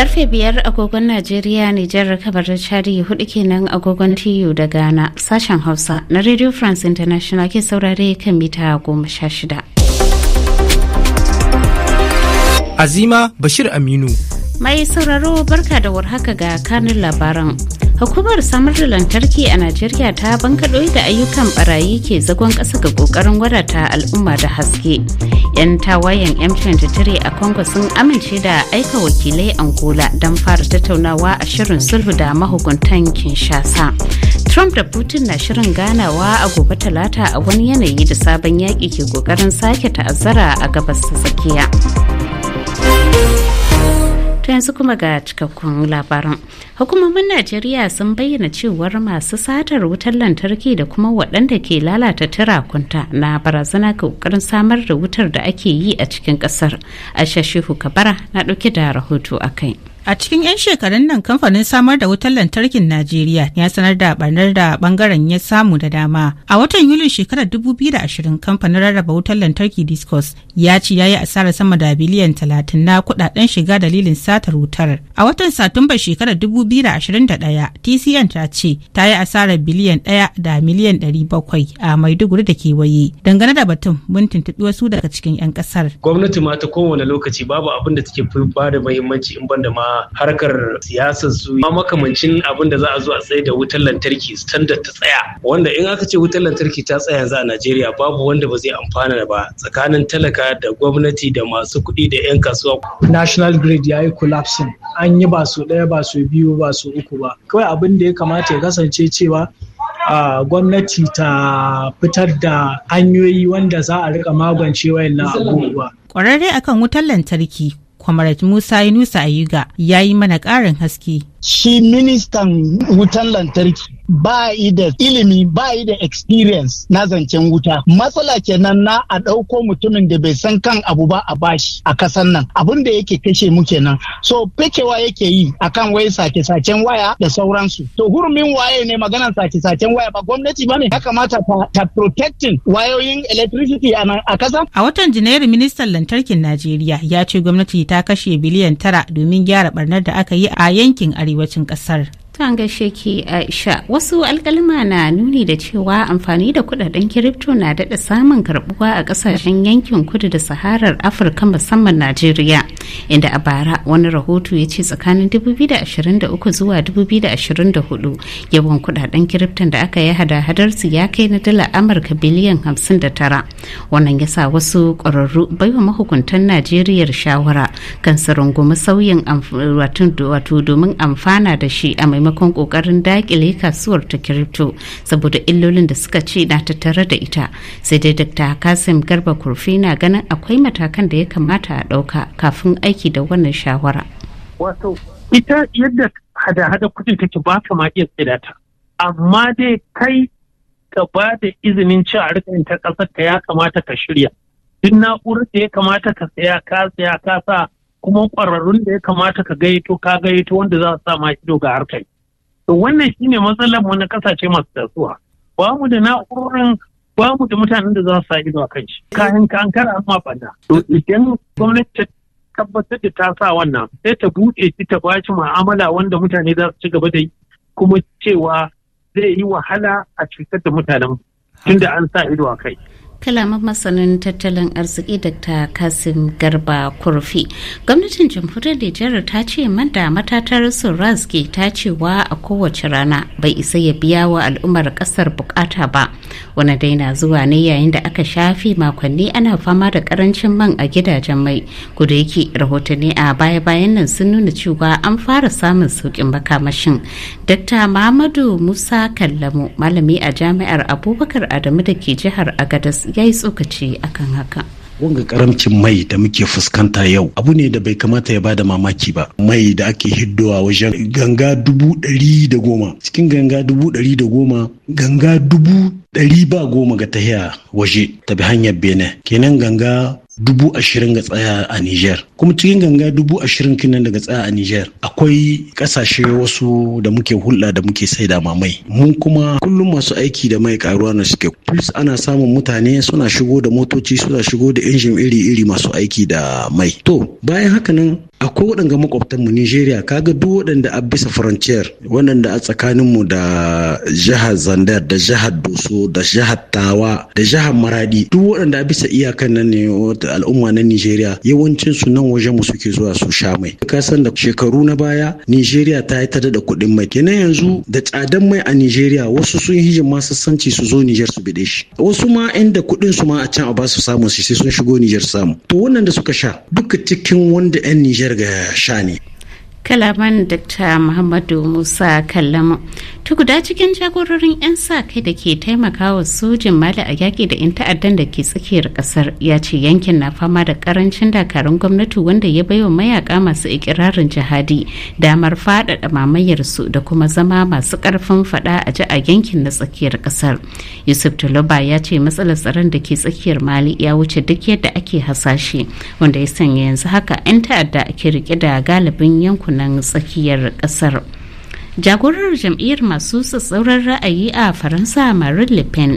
Karfe biyar agogon Najeriya Nijar rakabar da Chari hudu kenan agogon TU da Ghana sashen Hausa na Radio France International ke saurare kan mita goma sha shida. Azima Bashir Aminu. Mai sauraro barka da warhaka ga kanun labaran. Hukumar samar da lantarki a Najeriya ta bankaɗo da ayyukan barayi ke zagon ƙasa ga ƙoƙarin wadata al'umma da haske. 'Yan tawayen M23 a Congo sun amince da aika wakilai Angola don fara tattaunawa a shirin sulhu da mahukuntan Kinshasa. Trump da Putin na shirin ganawa a gobe talata a wani yanayi da sabon yaƙi ke ƙoƙarin sake ta'azzara a gabas ta tsakiya. ta yanzu kuma ga cikakkun labaran hukumomin najeriya sun bayyana cewar masu satar wutar lantarki da kuma waɗanda ke lalata tirakunta na barazana ga ƙoƙarin samar da wutar da ake yi a cikin ƙasar ashashihu kabara na ɗauke da rahoto a kai A cikin 'yan shekarun nan kamfanin samar da wutar lantarkin Najeriya ya sanar da barnar da bangaren ya samu da dama. A watan Yulin shekarar 2020 kamfanin rarraba wutar lantarki Discos ya ce ya yi asarar sama da biliyan 30 na kudaden shiga dalilin satar wutar. A watan Satumba shekarar 2021 TCN ta ce ta yi asarar biliyan 1 da miliyan 700 a Maiduguri da kewaye. Dangane da batun mun tuntuɓi wasu daga cikin 'yan ƙasar. Gwamnati ma ta kowane lokaci babu abin da take ba da muhimmanci in ban da ma harkar siyasar su makamancin abin da za a zo a tsaye da wutar lantarki standard ta tsaya wanda in aka ce wutar lantarki ta tsaya yanzu a Najeriya babu wanda ba zai amfana ba tsakanin talaka da gwamnati da masu kuɗi da 'yan kasuwa. National grid ya yi collapsing an yi ba su ɗaya ba su biyu ba su uku ba kawai abin da ya kamata ya kasance cewa Uh, gwamnati ta fitar da hanyoyi wanda za a rika magance wayannan abubuwa. Ƙwararre akan wutar lantarki Kwamarat Musa Yunusa Ayuga ya yi mana ƙarin haske. Shi ministan wutan lantarki ba da ilimi ba da experience na zancen wuta. Matsala kenan na a ɗauko mutumin da bai san kan abu ba a bashi a kasan nan. Abin da yake kashe mu kenan. So fekewa yake yi akan wai sake sacen waya da sauransu. To hurumin waye ne magana sake sacen waya ba gwamnati ba ne ya kamata ta protecting wayoyin electricity a kasan. A watan Janairu ministan lantarkin Najeriya ya ce gwamnati ta kashe biliyan tara domin gyara barnar da aka yi a yankin arewacin kasar an gaishe ki aisha wasu alkalma na nuni da cewa amfani da kudaden kiripto na daɗa samun karbuwa a ƙasashen yankin kudu da saharar afirka musamman najeriya inda a bara wani rahoto ya ce tsakanin 2023 zuwa 2024 yawan kudaden kiripton da aka yi hada-hadar su ya kai na dala amurka biliyan 59 wannan ya sa wasu ƙwararru baiwa mahukuntan najeriya shawara kan su rungumi sauyin wato domin amfana da shi a maimakon kokarin dakile kasuwar ta kirifto saboda illolin da suka ce na tattare da ita sai dai dr kasim garba kurfi na ganin akwai matakan da ya kamata a ɗauka kafin aiki da wannan shawara wato ita yadda hada-hada kuɗi take ba ka ma iya ta amma dai kai ka ba da izinin ci a rikin ta ƙasar ka ya kamata ka shirya duk na'urar da ya kamata ka saya ka saya ka sa kuma ƙwararrun da ya kamata ka gayyato ka gayyato wanda za su sa ma ido ga harkar to wannan shine matsalar mu na kasashe masu tasowa ba mu da na'urorin ba mu da mutanen da za su sa ido a kan shi kayan ka an kara amma banda to idan gwamnati ta tabbatar da ta sa wannan sai ta buɗe shi ta bashi ma'amala wanda mutane za su ci gaba da yi kuma cewa zai yi wahala a cutar da mutanen tunda an sa ido a kai kalaman masanin tattalin arziki dr kasim garba kurfi gwamnatin jamhuriyar nijar ta ce manda matatar surazki ta cewa a kowace rana bai isa ya biya wa al'ummar kasar bukata ba wani dai na zuwa ne yayin da aka shafi makonni ana fama da karancin man a gidajen mai kuda yake rahotanni a baya-bayan nan sun nuna cewa an fara samun sauƙin makamashin dr muhammadu musa kallamu malami a jami'ar abubakar adamu da ke jihar agadas ya yi tsokaci akan haka. wanga karamcin mai da muke fuskanta yau abu ne da bai kamata ya bada mamaki ba mai da ake hiddowa wajen ganga dubu ɗari da goma cikin ganga dubu ɗari da goma ganga dubu ɗari ba goma ga tahiya waje ta bi hanyar bene kenan ganga dubu ashirin ga tsaya a Niger. Kuma cikin ganga dubu ashirin kinan daga tsaya a Niger akwai ƙasashe wasu da muke hulɗa da muke sai da mamai. mu kuma kullum masu aiki da mai karuwa na suke. Plus ana samun mutane suna shigo da motoci suna shigo da injin iri-iri masu aiki da mai. To bayan haka nan akwai waɗanda makwabtan mu Nigeria kaga duk waɗanda a bisa frontier waɗanda a tsakanin mu da jihar Zander da jihar Doso da jihar Tawa da jihar Maradi duk waɗanda a bisa iyakan nan ne al'umma na Nigeria yawancin su nan wajen mu suke zuwa su sha mai ka san da shekaru na baya Nigeria ta yi ta da kuɗin mai kenan yanzu da tsadan mai a Nigeria wasu sun hijin sassanci su zo Niger su bide shi wasu ma inda kuɗin su ma a can a ba su samu sai sun shigo Niger samu to wannan da suka sha duka cikin wanda 'yan Niger bayar sha ne kalaman dr muhammadu musa kallama ta guda cikin jagororin 'yan sa kai da ke taimakawa sojin mali a yaƙi da 'yan ta'addan da ke tsakiyar ƙasar ya ce yankin na fama da ƙarancin dakarun gwamnati wanda ya bai wa mayaƙa masu ikirarin jihadi damar faɗaɗa mamayarsu da kuma zama masu ƙarfin faɗa a ji a yankin na tsakiyar ƙasar yusuf tuluba ya ce matsalar tsaron da ke tsakiyar mali ya wuce duk yadda ake hasashe wanda ya sanya yanzu haka 'yan ta'adda ake rike da galibin yankunan nan tsakiyar kasar jagorar jam'iyyar masu tsatsauran ra'ayi a faransa marine le pen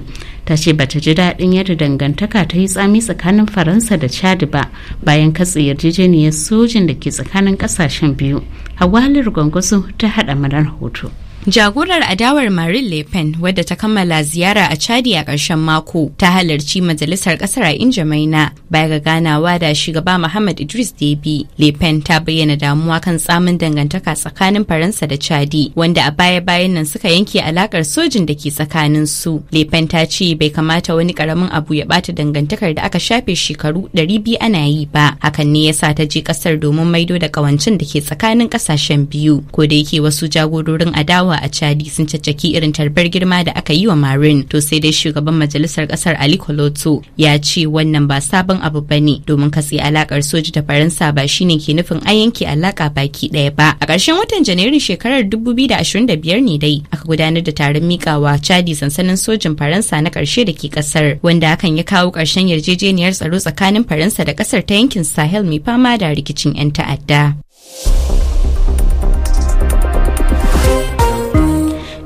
ta ce bata ji daɗin yadda dangantaka ta yi tsami tsakanin faransa da chad ba bayan katse yarjejeniyar sojin da ke tsakanin ƙasashen biyu hawalar gwangwaso ta haɗa mana hoto Jagorar adawar Marine Le Pen wadda ta kammala ziyara a Chadi a ƙarshen mako ta halarci majalisar ƙasar a Injamaina baya ga ganawa da shugaba Muhammad Idris Deby. Le Pen ta bayyana damuwa kan tsamin dangantaka tsakanin Faransa da Chadi wanda a baya-bayan nan suka yanke alakar sojin da ke tsakanin su. Le Pen ta ce bai kamata wani ƙaramin abu ya bata dangantakar da aka shafe shekaru ɗari biyu ana yi ba. Hakan ne yasa ta je ƙasar domin maido da ƙawancin da ke tsakanin ƙasashen biyu. Ko da yake wasu jagororin adawa yawa a Chadi sun caccaki irin tarbar girma da aka yi wa Marin to sai dai shugaban majalisar kasar Ali Koloto ya ce wannan ba sabon abu bane domin katse alakar soji da Faransa ba shine ke nufin an yanke alaka baki ɗaya ba. A ƙarshen watan Janairun shekarar 2025 ne dai aka gudanar da taron mikawa Chadi sansanin sojin Faransa na ƙarshe da ke kasar wanda hakan ya kawo ƙarshen yarjejeniyar tsaro tsakanin Faransa da kasar ta yankin Sahel mai fama da rikicin 'yan ta'adda.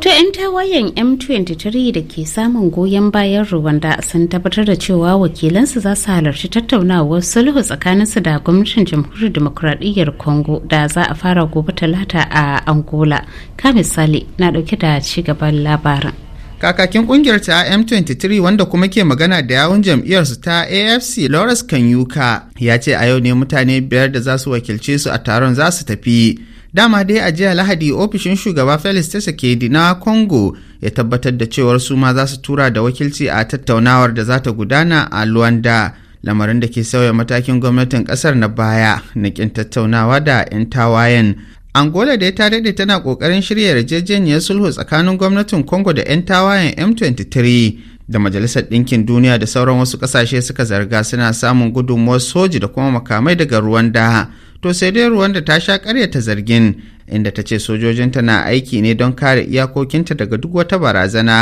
ta 'yan tawayen m23 da ke samun goyon bayan rwanda sun tabbatar da cewa wakilansu za su halarci tattaunawar sulhu tsakaninsu da gwamnatin jamhuriyar demokuraɗiyyar congo da za a fara gobe talata a angola ka misali na ɗauke da ci gaban labarin kakakin kungiyar ta m23 wanda kuma ke magana da yawun jam'iyyarsu ta afc lawrence kanyuka ya ce a yau ne mutane biyar da za su wakilce su a taron za su tafi dama dai a jiya lahadi ofishin shugaba felix tshisekedi na congo ya tabbatar da cewar su ma za su tura da wakilci a tattaunawar da za ta gudana a luanda lamarin da ke sauya matakin gwamnatin kasar na baya na kin tattaunawa da 'yan tawayen angola da ta daɗe tana ƙoƙarin shirya yarjejeniyar sulhu tsakanin gwamnatin congo da 'yan tawayen m23 da majalisar ɗinkin duniya da sauran wasu ƙasashe suka zarga suna samun gudunmuwar soji da kuma makamai daga ruwan da to sai dai da ta sha karyata zargin inda ta ce sojojinta na aiki ne don kare iyakokinta daga duk wata barazana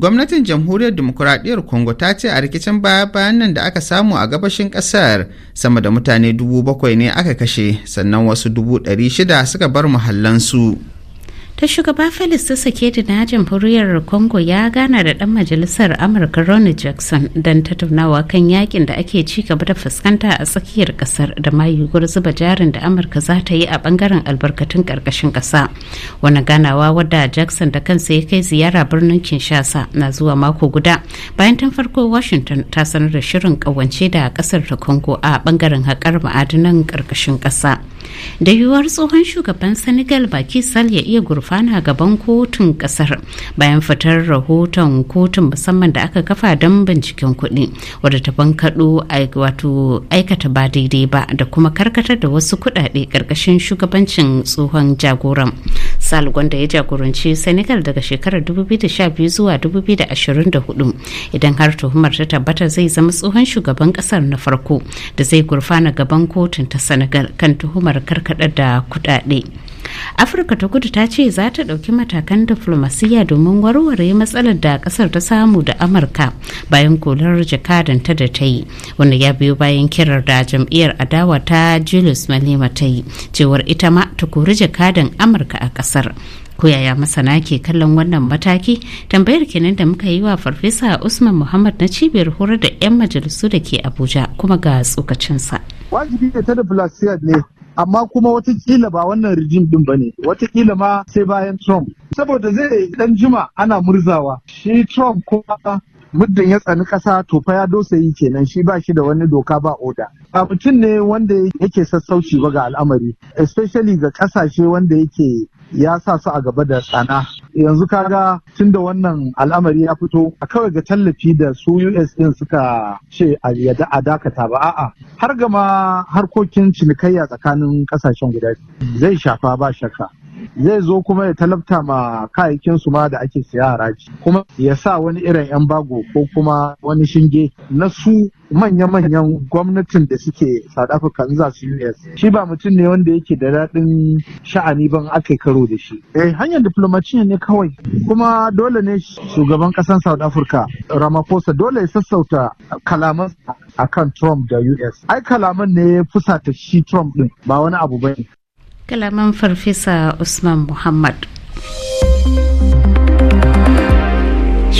gwamnatin jamhuriyar dimokuraɗiyar congo ta ce a rikicin baya-bayan nan da aka samu a gabashin ƙasar sama da mutane dubu bakwai ne aka kashe sannan wasu dubu ɗari shida suka bar muhallansu. ta shugaba felix ta sake da na jamhuriyar congo ya gana da dan majalisar amurka ronald jackson don tattaunawa kan yakin da ake ci gaba da fuskanta a tsakiyar kasar da ma yiwuwar zuba jarin da amurka za ta yi a bangaren albarkatun karkashin kasa wani ganawa wadda jackson da kansa ya kai ziyara birnin kinshasa na zuwa mako guda bayan tun farko washington ta sanar da shirin kawance da kasar ta congo a bangaren haƙar ma'adinan karkashin kasa da yiwuwar tsohon shugaban senegal baki sal ya iya gurfa gurfana gaban kotun kasar bayan fitar rahoton kotun musamman da aka kafa don binciken kuɗi wadda ta bankaɗo wato aikata ba daidai ba da kuma karkatar da wasu kuɗaɗe ƙarƙashin shugabancin tsohon jagoran sal gwanda ya jagoranci senegal daga shekarar 2012 zuwa 2024 idan har tuhumar ta tabbata zai zama tsohon shugaban ƙasar na farko da zai gurfana gaban kotun ta senegal kan tuhumar karkaɗar da kuɗaɗe. afirka ta kudu ta ce za ta ɗauki matakan diflomasiyya domin warware matsalar da ƙasar ta samu da amurka bayan kolar ta da ta yi wanda ya biyo bayan kirar da jam'iyyar adawa ta julius malema ta yi cewar ita ma ta kori jakadan amurka a ƙasar ko yaya masana ke kallon wannan mataki tambayar kenan da muka yi wa farfesa usman muhammad na cibiyar horar da 'yan majalisu da ke abuja kuma ga tsokacinsa wajibi ne ta ne amma kuma wata kila ba wannan rijim din ba ne watakila ma sai bayan trump saboda zai dan jima ana murzawa shi trump kuma muddin ya tsani kasa to fa ya dosa yi kenan shi ba shi da wani doka ba oda a mutum ne wanda yake sassauci ba ga al'amari especially ga kasashe wanda yake ya sa su a gaba da tsana yanzu kaga tun da wannan al'amari ya fito a kawai ga tallafi da su us din suka ce a dakata ba a'a har gama harkokin cinikayya tsakanin kasashen guda zai shafa ba shakka zai zo kuma ya talabta ma kayayyakin su ma da ake siya haraji kuma ya sa wani irin yan bago ko kuma wani shinge na su manya-manyan gwamnatin da suke South Africa za su US. Shi ba mutum ne wanda yake da daɗin sha'ani ban aka karo da shi. Eh hanyar diplomaciya ne kawai. Kuma dole ne shugaban ƙasar South Africa Ramaphosa dole ya sassauta kalaman a kan Trump da US. Ai kalaman ne ya fusata shi Trump ɗin ba wani abu bane. kalaman farfesa usman muhammad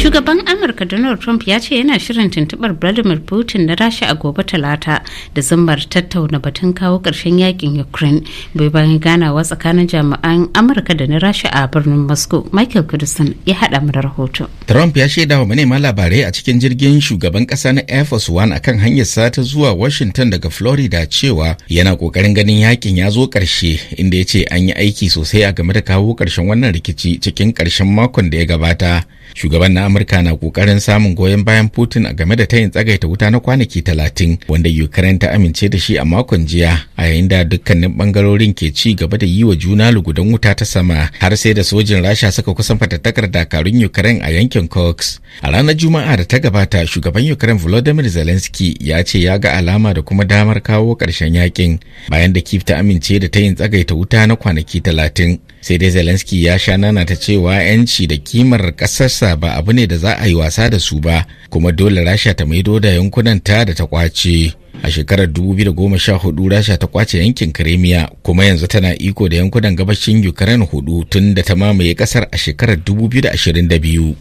shugaban amurka donald trump ya ce yana shirin tuntubar vladimir putin na rasha a gobe talata da zambar tattauna batun kawo ƙarshen yakin ukraine bai bayan ganawa tsakanin jami'an amurka da na rasha a birnin moscow michael kudusan ya haɗa mu da rahoto trump ya shaida wa manema labarai a cikin jirgin shugaban ƙasa na air force one akan hanyar sata zuwa washington daga florida cewa yana ƙoƙarin ganin yakin ya zo ƙarshe inda ya ce an yi aiki sosai a game da kawo ƙarshen wannan rikici cikin karshen makon da ya gabata shugaban na amurka na kokarin samun goyon bayan putin a game da tayin tsagaita wuta na kwanaki talatin wanda ukraine ta amince da shi a makon jiya a yayin da dukkanin bangarorin ke ci gaba da yi wa juna lugudan wuta ta sama har sai da sojin rasha suka kusan fatattakar dakarun ukraine a yankin cox a ranar juma'a da ta gabata shugaban ukraine volodymyr zelensky ya ce ya ga alama da kuma damar kawo karshen yakin bayan da kif ta amince da tayin tsagaita wuta na kwanaki talatin sai dai zelensky ya sha nana ta cewa yanci da kimar ƙasarsa ba abu ne da za a yi wasa da su ba kuma dole rasha ta maido da yankunan ta da ta kwace a shekarar 2014 rasha ta kwace yankin kremiya kuma yanzu tana iko da yankunan gabashin ukraine hudu tun da ta mamaye kasar a shekarar 2022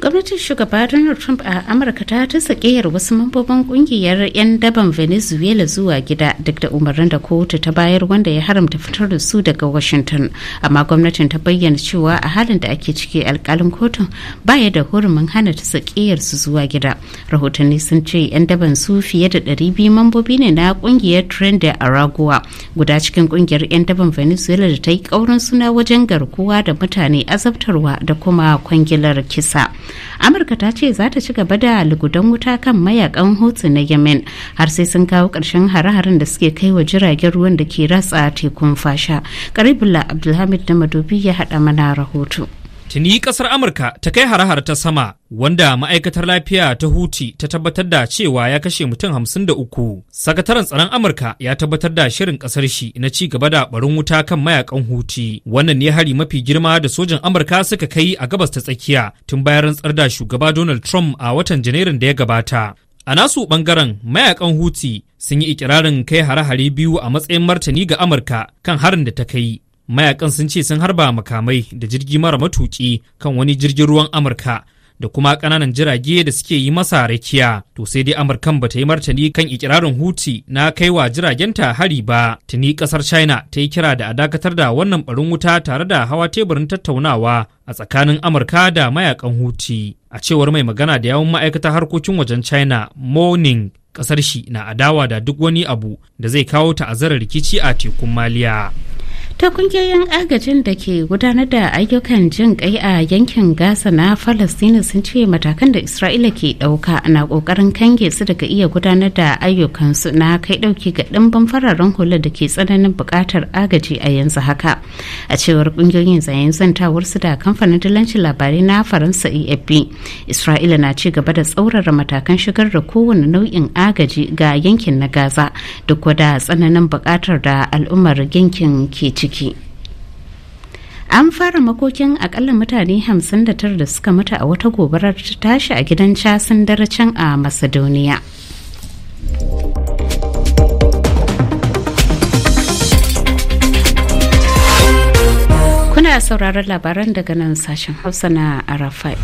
gwamnatin shugaba donald trump a amurka ta tasa wasu mambobin kungiyar 'yan daban venezuela zuwa gida duk da umarnin da kotu ta bayar wanda ya haramta fitar da su daga washington amma gwamnatin ta bayyana cewa a halin da ake ciki alkalin kotun baya da hurumin hana tasa su zuwa gida rahotanni sun ce 'yan daban su fiye da ɗari biyu mambobi ne na kungiyar trend da aragua guda cikin kungiyar 'yan daban venezuela da ta yi kaurin suna wajen garkuwa da mutane azabtarwa da kuma kwangilar kisa. amurka ta ce za ta ci gaba da lugudan wuta kan mayakan hutu na yemen har sai sun kawo ƙarshen hare-haren da suke kai wa jiragen ruwan da ke ratsa tekun fasha karibula abdulhamid da madobi ya haɗa mana rahoto Tuni kasar Amurka ta kai hare-hare ta sama wanda ma'aikatar lafiya ta Huti ta tabbatar da cewa ya kashe mutum hamsin da uku. Sakataren tsaron Amurka ya tabbatar da shirin kasar shi na ci gaba da barin wuta kan mayakan Huti. Wannan ne hari mafi girma da sojan Amurka suka kai a gabas ta tsakiya tun bayan rantsar da shugaba Donald Trump a watan Janairun da ya gabata. A nasu bangaren mayakan Huti sun yi ikirarin kai hare-hare biyu a matsayin martani ga Amurka kan harin da ta kai mayakan sun ce sun harba makamai da jirgi mara matuki kan wani jirgin ruwan amurka da kuma kananan jirage da suke yi masa rakiya to sai dai amurkan ba ta yi martani kan ikirarin huti na kai kaiwa jiragenta hari ba tuni kasar china ta yi kira da a dakatar da wannan barin wuta tare da hawa teburin tattaunawa a tsakanin amurka da mayakan huti a cewar mai magana da yawun ma'aikatar harkokin wajen china morning kasar shi na adawa da duk wani abu da zai kawo ta'azarar rikici a tekun maliya ta kungiyoyin agajin da ke gudanar da ayyukan jin kai a yankin gaza na falastini sun ce matakan da isra'ila ke dauka na kokarin kange su daga iya gudanar da ayyukansu na kai dauki ga dimbin fararen hula da ke tsananin bukatar agaji a yanzu haka a cewar kungiyoyin zayen zantawar su da kamfanin dalancin labarai na faransa afp e isra'ila na ci gaba da tsaurara matakan shigar da kowane nau'in agaji ga yankin na gaza duk da tsananin bukatar da al'ummar yankin ke ci ciki an fara makokin akalla mutane 59 da suka mutu a wata gobarar ta tashi a gidan casin daracin a macedonia kuna sauraron labaran daga nan sashen hausa na arafai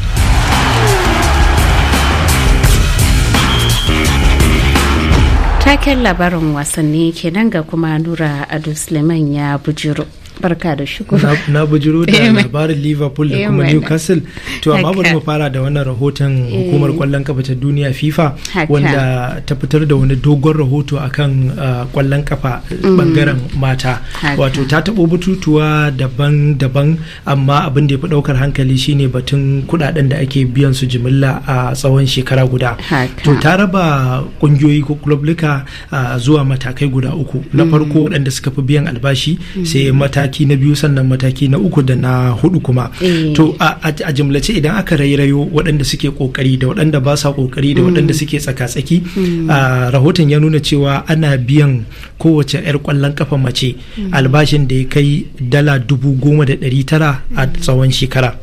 taken labarin wasanni kenan ga kuma nura ado suleiman ya bujiro barka da shi na bujiro da eh, labarin liverpool da eh, kuma newcastle to amma bari mu fara da wannan rahoton hukumar eh. kwallon kafa ta duniya fifa wanda ta fitar da wani dogon rahoto akan uh, kwallon kafa mm. bangaren mata wato ta tabo batutuwa daban-daban amma abin da ya fi daukar hankali shine batun kudaden da ake biyan su jimilla a tsawon shekara guda to ta raba kungiyoyi ko club uh, zuwa matakai guda uku na mm. farko waɗanda suka fi biyan albashi mm. sai mata mataki na biyu sannan mataki na uku da na hudu kuma eh. to a jimlace idan aka rairayo waɗanda suke kokari da waɗanda ba sa kokari da hmm. waɗanda suke tsaka-tsaki hmm. rahoton ya nuna cewa ana biyan kowace 'yar kwallon kafa mace hmm. albashin da ya kai dala dubu goma da ɗari tara a tsawon shekara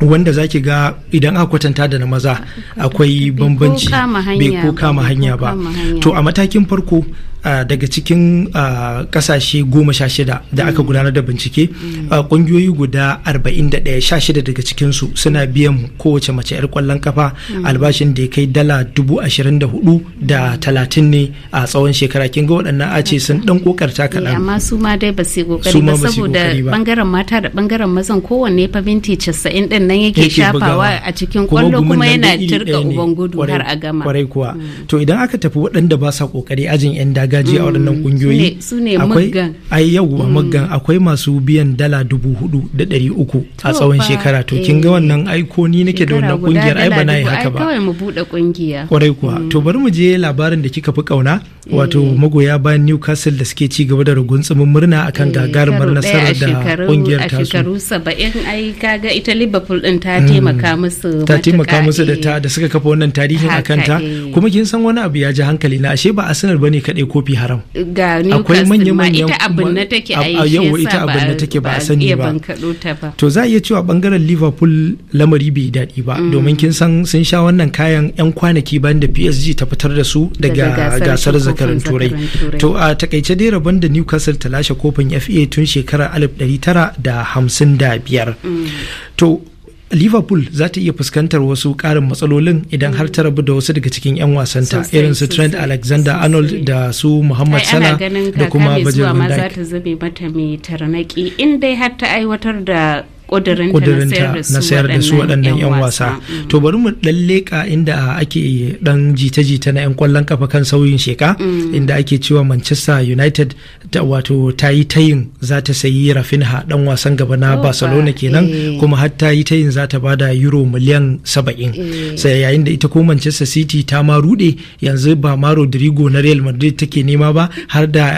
wanda zaki ga idan aka kwatanta da na maza akwai bambanci bai ko kama hanya ba to a matakin farko daga cikin kasashe goma sha shida da aka mm. gudanar da bincike kungiyoyi mm. guda arba'in da ɗaya sha shida daga cikinsu suna mm. biyan kowace mace 'yar kwallon kafa albashin da ya kai dala dubu ashirin da hudu da talatin ne a tsawon shekara kin ga waɗannan a ce sun ɗan ta eh, kaɗan amma su ma dai ba su kokari ba saboda bangaren mata da bangaren mazan kowanne fa minti casa'in ɗin nan yake shafawa a cikin kwallo kuma yana tirka uban gudu har a gama kwarai kuwa to idan aka tafi waɗanda ba sa kokari ajin 'yan daji a waɗannan kungiyoyi mm, akwai yau a mm. muggan akwai masu biyan dala dubu hudu da ɗari uku a tsawon shekara to kin ga eh. wannan aiko ni nake da wannan kungiyar ai ba na yi haka ba mu kwarai kuwa mm. to bari mu je labarin da kika fi kauna wato eh. magoya bayan Newcastle da suke ci gaba da rugunsumin murna akan eh, gagarumar nasarar da kungiyar ta su shekaru saba'in ai kaga ita Liverpool din ta taimaka musu ta taimaka da ta da suka kafa wannan tarihin akan ta kuma kin san wani abu ya ji hankali na ashe ba Arsenal ne kaɗai ko kofi haram ga akwai manya manya ita abin na take a yawa ita abin na take ba a sani ba to za a iya cewa bangaren liverpool lamari bai daɗi ba mm. domin kin san sun sha wannan kayan yan kwanaki bayan da psg ta fitar da su daga gasar zakarin turai to a takaice dai rabon da newcastle ta lashe kofin fa tun shekarar 1955 mm. to liverpool za ta iya fuskantar wasu ƙarin matsalolin idan har ta rabu da wasu daga cikin 'yan wasanta irin su trent alexander arnold da su muhammad salah da kuma ma za ta zabe mata mai tarnaki in dai har ta aiwatar da na sayar da su waɗannan 'yan wasa to bari mu ɗan leƙa inda ake ɗan jita-jita na 'yan ƙwallon kafa kan sauyin sheka mm. inda ake cewa manchester united ta wato ta yi tayin za ta sayi rafinha ɗan wasan gaba na barcelona kenan eh. kuma har ta yi tayin za ta bada euro miliyan saba'in eh. sai yayin da ita ko manchester city ta ma ruɗe yanzu ba ma rodrigo na real madrid take nema ba har da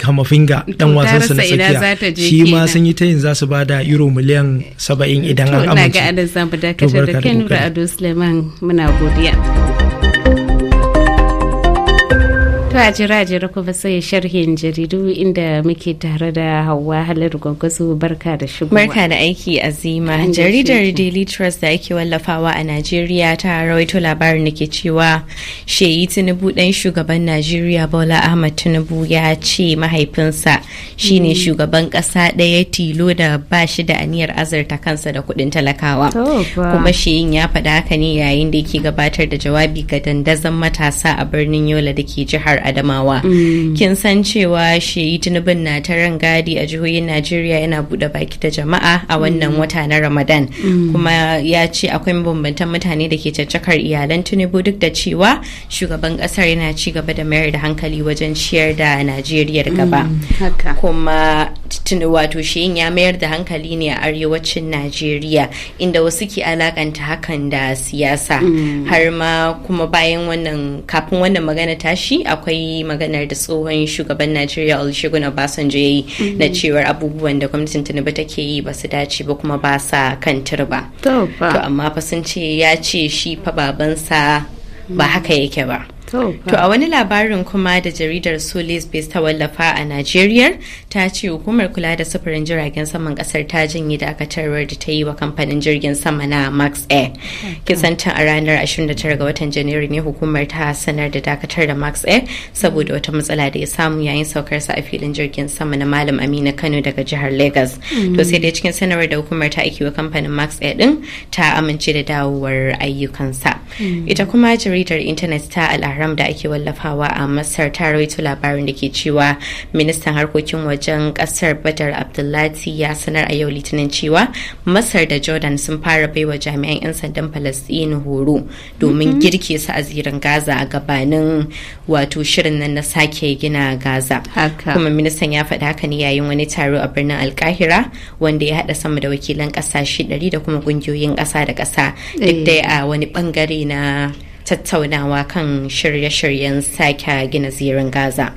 kamafinga eh, ɗan wasansa na tsakiya shi ma sun yi tayin za su bada euro miliyan saba'in idan an amince. To ina ga Ado Suleiman muna godiya. To a jira jira kuma sai sharhin jaridu inda muke tare da Hauwa Halar Gwangwazo barka da shigo. Barka da aiki Azima. Jaridar Daily Trust da ake wallafawa a Najeriya ta rawaito labarin da ke cewa Sheyi Tinubu dan shugaban Najeriya Bola Ahmad Tinubu ya ce mahaifinsa shine mm-hmm. shugaban kasa daya tilo da ba shi da aniyar azurta kansa da kuɗin talakawa. Oh, kuma Sheyin ya faɗa haka ne yayin da yake gabatar da jawabi ga dandazon matasa a birnin Yola da ke jihar adamawa mm. kin san cewa shi tinubin na ta rangadi a jihohin najeriya yana bude baki ta jama'a a wannan mm. wata na ramadan mm. kuma ya ce akwai mabambantan mutane da ke caccakar iyalan tinubu duk da cewa shugaban kasar yana ci gaba da mayar da hankali wajen ciyar da najeriya gaba kuma wato shi ya mayar da hankali ne a arewacin najeriya inda wasu ke alakanta hakan da siyasa har ma kuma bayan wannan kafin wannan magana tashi akwai akwai maganar da tsohon shugaban najeriya olusegun obasanjo ya yi mhm. na cewar abubuwan da gwamnatin tinubu take yi ba su dace ba kuma ba sa kan turba to amma fa sun ce ya ce shi fa babansa ba haka yake ba To a wani labarin kuma da jaridar Solis Base ta wallafa a Najeriya ta ce hukumar kula da sufurin jiragen saman kasar ta janye dakatarwar da ta yi wa kamfanin jirgin sama na Max Air. Kisantan a ranar 29 ga watan Janairu ne hukumar ta sanar da dakatar da Max Air saboda wata matsala da ya samu yayin saukarsa a filin jirgin sama na Malam Aminu Kano daga jihar Lagos. To hmm. sai dai cikin sanarwar da hukumar ta aiki wa kamfanin Max Air din ta amince da dawowar ayyukansa. Hmm. Ita kuma jaridar intanet ta al'ahra Haram da ake wallafawa a Masar ta rawaito labarin da ke cewa ministan harkokin wajen kasar Badar Abdullati ya sanar a yau Litinin cewa Masar da Jordan sun fara baiwa jami'an 'yan sandan Falastinu horo domin mm-hmm. girke su a zirin Gaza a gabanin wato shirin nan na sake gina Gaza. Kuma ministan ya faɗi haka ne yayin wani taro a birnin Alkahira wanda ya haɗa sama da wakilan ƙasashe 100 da kuma ƙungiyoyin ƙasa da ƙasa duk eh. dai a wani ɓangare na tattaunawa kan shirye-shiryen sake gina zirin gaza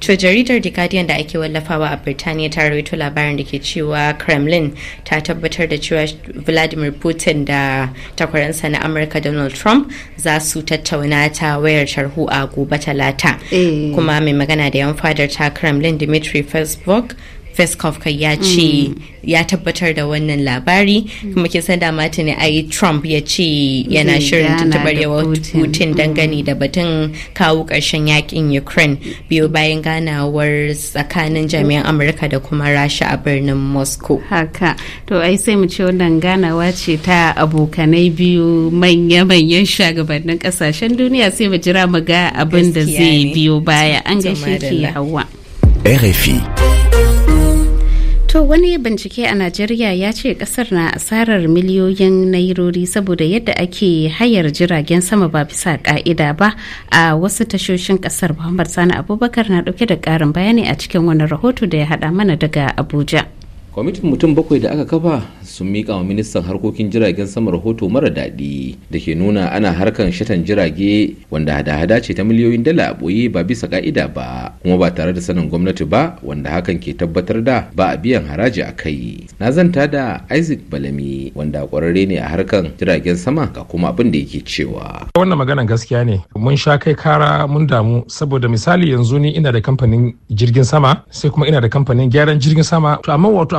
to jaridar the guardian da ake wallafawa a birtaniya ta rawaito labarin da ke cewa kremlin ta tabbatar da cewa vladimir putin da takwaransa na amurka donald trump za su tattauna ta wayar tarho a gobe talata eh. kuma mai magana da yan fadar ta kremlin dmitry facebook Peskov kai ya ce mm. ya tabbatar da wannan labari mm. kuma kin san da ne ai Trump ya ce yana shirin tuntubar yawa Putin mm. dangane da batun kawo ƙarshen yakin Ukraine biyu bayan ganawar tsakanin jami'an Amurka da kuma Rasha a birnin Moscow. Haka to ai sai mu ce wannan ganawa ce ta abokanai biyu manya-manyan shugabannin kasashen duniya sai mu jira mu ga abin da zai biyo baya an gaishe ki hawa. RFI To wani bincike a Najeriya ya ce kasar na asarar miliyoyin nairori saboda yadda ake hayar jiragen sama ba bisa ka'ida ba a wasu tashoshin kasar Muhammad Sani Abubakar na dauke da karin bayani a cikin wani rahoto da ya hada mana daga Abuja. kwamitin mutum bakwai da aka kafa sun mika wa ministan harkokin jiragen sama rahoto mara daɗi da ke nuna ana harkan shatan jirage wanda hada-hada ce ta miliyoyin dala a ɓoye ba bisa ka'ida ba kuma ba tare da sanin gwamnati ba wanda hakan ke tabbatar da ba a biyan haraji a kai na zanta da isaac balami wanda kwararre ne a harkan jiragen sama ga kuma abin da yake cewa wannan magana gaskiya ne mun sha kai kara mun damu saboda misali yanzu ni ina da kamfanin jirgin sama sai kuma ina da kamfanin gyaran jirgin sama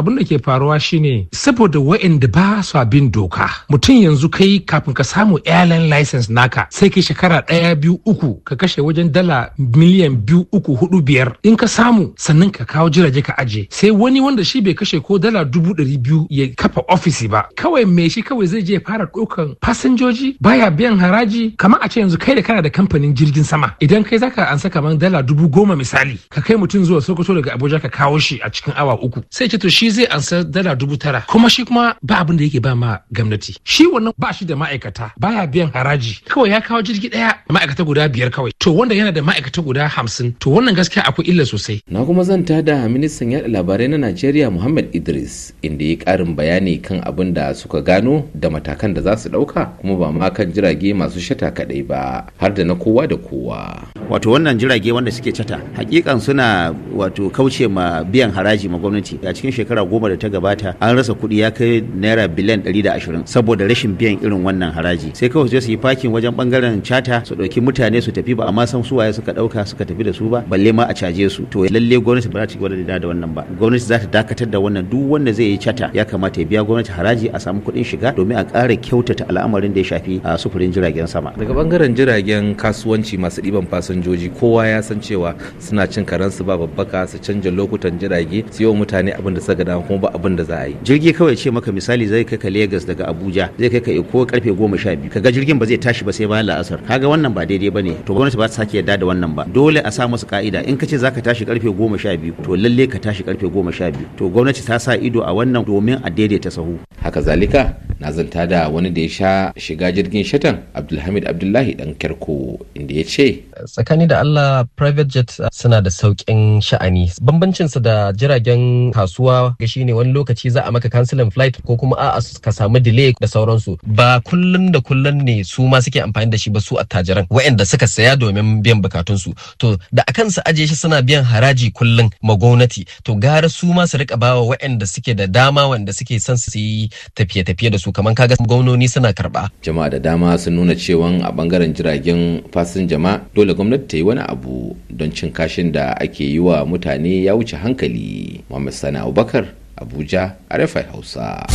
abin da ke faruwa shine saboda wa'inda ba su bin doka mutum yanzu kai kafin ka samu airline license naka sai kai shekara ɗaya biyu uku ka kashe wajen dala miliyan biyu uku hudu biyar in ka samu sannan ka kawo jirage ka aje sai wani wanda shi bai kashe ko dala dubu ɗari biyu ya kafa ofisi ba kawai me shi kawai zai je fara ɗaukan fasinjoji baya biyan haraji kamar a ce yanzu kai da kana da kamfanin jirgin sama idan kai zaka ansa kamar dala dubu goma misali ka kai mutum zuwa sokoto daga abuja ka kawo shi a cikin awa uku sai ce to shi zai ansa dala dubu tara kuma shi kuma ba abin da yake ba ma gwamnati shi wannan ba shi da ma'aikata baya biyan haraji kawai ya kawo jirgi daya ma'aikata guda biyar kawai to wanda yana da ma'aikata guda hamsin to wannan gaskiya akwai illa sosai na kuma zan da ministan yaɗa labarai na najeriya muhammad idris inda ya karin bayani kan abin da suka gano da matakan da za su ɗauka kuma ba ma kan jirage masu shata kaɗai ba har da na kowa da kowa wato wannan jirage wanda suke cata hakikan suna wato kauce ma biyan haraji ma gwamnati a cikin shekara shekara goma da ta gabata an rasa kuɗi ya kai naira biliyan ɗari da ashirin saboda rashin biyan irin wannan haraji sai kawai su yi fakin wajen bangaren cata su ɗauki mutane su tafi ba amma san su waye suka ɗauka suka tafi da su ba balle ma a caje su to lalle gwamnati ba za ta ci gwamnati da wannan ba gwamnati za ta dakatar da wannan duk wanda zai yi chata ya kamata ya biya gwamnati haraji a samu kuɗin shiga domin a ƙara kyautata al'amarin da ya shafi a sufurin jiragen sama daga bangaren jiragen kasuwanci masu ɗiban fasinjoji kowa ya san cewa suna cin karansu ba babbaka su canja lokutan jirage su yi wa mutane abin da suka dama kuma ba abin da za a yi jirgi kawai ce maka misali zai kai ka Lagos daga Abuja zai kai ka Eko karfe 12 kaga jirgin ba zai tashi ba sai bayan la'asar kaga wannan ba daidai bane to gwamnati ba ta sake yarda da wannan ba dole a sa musu ka'ida in ka ce zaka tashi karfe 12 to lalle ka tashi karfe 12 to gwamnati ta sa ido a wannan domin a daidaita sahu haka zalika na zanta da wani da ya sha shiga jirgin shatan Abdulhamid Abdullahi dan Kerko inda ya ce tsakani da Allah private jet suna da sauƙin sha'ani bambancinsa da jiragen kasuwa shine wani lokaci za a maka cancelin flight ko kuma a ka samu delay da sauransu ba kullum da kullum ne su ma suke amfani da shi ba su attajiran waɗanda suka saya domin biyan bukatun su to da a kansu aje shi suna biyan haraji kullum ma gwamnati to gara su ma su rika bawa waɗanda suke da dama wanda suke son su yi tafiye-tafiye da su kamar kaga gwamnoni suna karba jama'a da dama sun nuna cewa a bangaren jiragen fasin jama'a dole gwamnati ta yi wani abu don cin kashin da ake yi wa mutane ya wuce hankali Muhammad Sani Abubakar abuja arafai hausa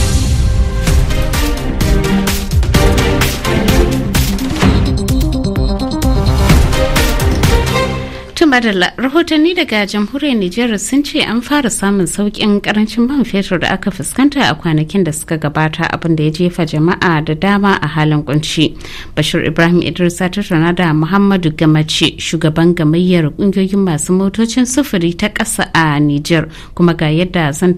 Madalla rahotanni daga jamhuriyar Nijar sun ce an fara samun saukin karancin man fetur da aka fuskanta a kwanakin da suka gabata abin da ya jefa jama'a da dama a halin kunci. Bashir Ibrahim Idris ta tattauna da Muhammadu Gamace shugaban gamayyar kungiyoyin masu motocin sufuri ta ƙasa a Nijar kuma ga yadda su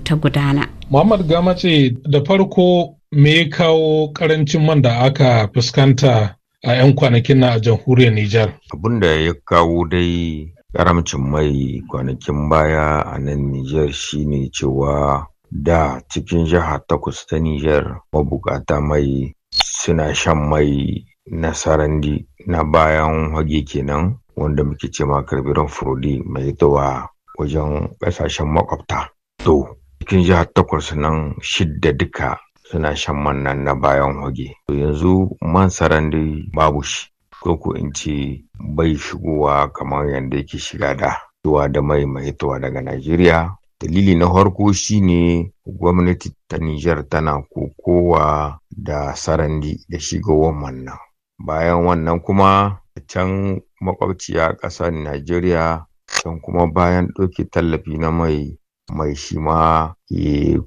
ta gudana. muhammadu Gamace da farko me ya kawo karancin man da aka fuskanta a 'yan kwanakin na a jamhuriyar Nijar. Abin da ya kawo dai karamcin mai kwanakin baya a nan Nijar shi ne cewa da cikin jiha takwas ta Nijar mabukata mai suna shan mai na sarandi na bayan hage kenan wanda muke ce ma karbiran furodi mai tawa wajen ƙasashen makwabta. To, cikin jihar takwas nan shidda duka suna shan man na bayan hoge to yanzu man sarandi babu shi ko ko in ce bai shigowa kamar yadda yake shiga da zuwa da mai mai daga Najeriya dalili na farko shine gwamnati ta Nijar tana kokowa da sarandi da shigowar wannan bayan wannan kuma a can makwabciya ƙasar Najeriya can kuma bayan ɗauke tallafi na mai mai shi ma eh,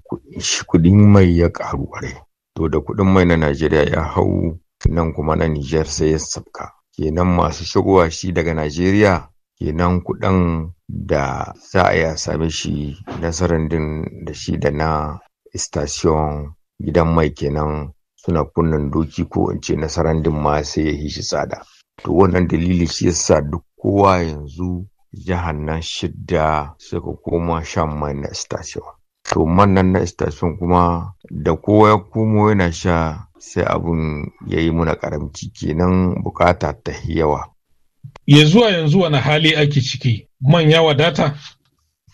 kudin mai ya karu kwarai to da kudin mai na najeriya ya hau nan kuma na niger sai ya sabka kenan masu shigowa shi daga najeriya kenan kuɗin da za a ya same shi nasarar din da shi da na station gidan mai kenan suna kunnan doki ko in ce nasarar din ma sai ya shi tsada to wannan dalili shi yasa duk kowa yanzu jihar nan shidda suka koma shan mai na station to man nan na station kuma da kowa ya komo yana sha sai abun ya yi muna karamci kenan bukata ta yawa ya zuwa yanzu wani hali ake ciki man yawa wadata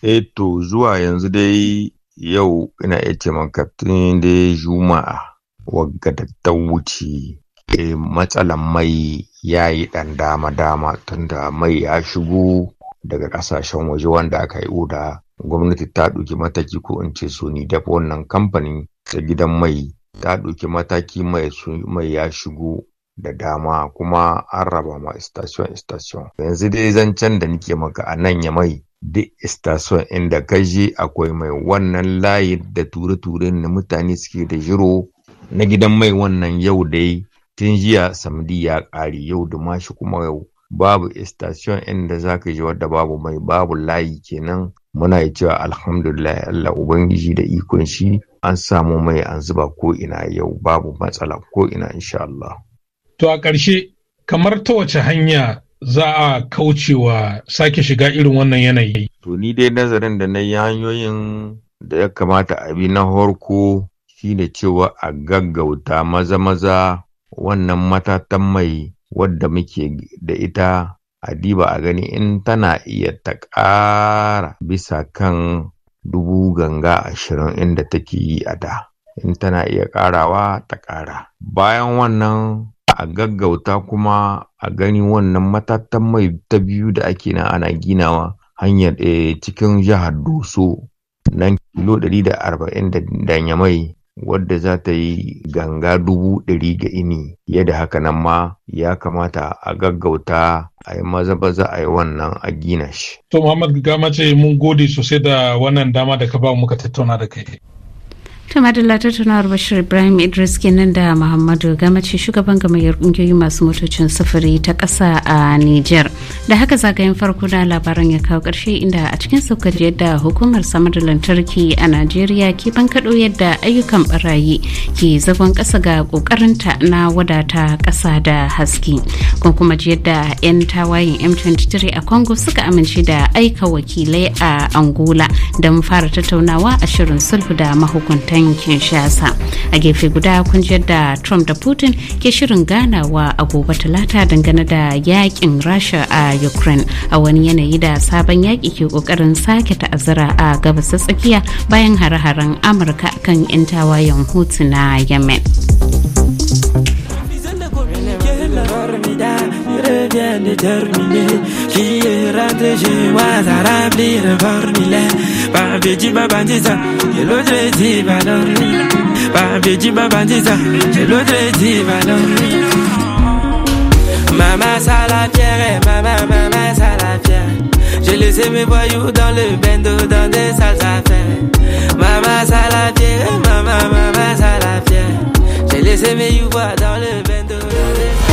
E, to zuwa yanzu dai yau ina iya ce da dai juma'a wagga da ta wuce eh matsalan mai ya yi ɗan dama-dama tunda mai ya shigo daga kasashen waje wanda aka yi oda gwamnati ta ɗauki mataki ko in ce sony dafa wannan kamfanin ta gidan mai ta ɗauki mataki mai ya shigo da dama kuma an raba ma station station yanzu dai zancen da nike maka a nan ya mai duk station inda ka je akwai mai wannan layi da ture-ture na mutane suke da jiro na gidan mai wannan yau dai tun jiya samdi ya ƙare yau da mashi kuma yau babu istashiyon inda za ka ji wadda babu mai babu layi kenan muna yi cewa alhamdulillah Allah Ubangiji da ikon shi an samu mai an zuba ko ina yau babu matsala ko ina insha Allah. To a ƙarshe kamar ta wace hanya za a kaucewa sake shiga irin wannan yanayi? To ni dai nazarin da na yi hanyoyin da ya kamata a bi na horko shine cewa a gaggauta maza-maza wannan matatan mai wadda muke da ita a diba a gani in tana iya ta ƙara bisa kan dubu ganga ashirin inda take yi a da in tana iya ƙarawa ta ƙara bayan wannan a gaggauta kuma a gani wannan matatan mai ta biyu da ake na ana ginawa hanyar eh, cikin jihar doso nan kilo 140 da mai. wadda za ta yi ganga dubu ɗari ga ini da haka nan ma ya kamata a gaggauta a yi maza ba za a yi wannan a gina shi. To Muhammad Gama ce mun gode sosai da wannan dama da ka ba muka tattauna da kai. ta madalla tattaunawar bashir ibrahim idris kenan da muhammadu gamace shugaban gamayyar kungiyoyi masu motocin sufuri ta ƙasa a niger da haka zagayen farko na labaran ya kawo ƙarshe inda a cikin saukar yadda hukumar samar da lantarki a najeriya ke bankaɗo yadda ayyukan barayi ke zagon ƙasa ga ƙoƙarinta na wadata ƙasa da haske Kun kuma ji yadda 'yan tawayin m23 a congo suka amince da aika wakilai a angola don fara tattaunawa a shirin sulhu da mahukuntai. birnin kinshasa a gefe guda kun da trump da putin ke shirin ganawa a gobe talata dangane da yakin rasha a ukraine a wani yanayi da sabon yaki ke kokarin sake ta'azzara a gabas tsakiya bayan hare-haren amurka kan 'yan tawayen hutu na yemen bien déterminé Qui est rentré chez moi, ça remplir parmi les Papi dit ma bandisa, et l'autre dit ma dormir Papi dit ma bandisa, et l'autre dit ma dormir Maman ça la pierre, maman, maman ça la pierre J'ai laissé mes voyous dans le bendo, dans des sales affaires Maman ça la pierre, maman, maman ça la pierre J'ai laissé mes youvois dans le bendo, dans des sales affaires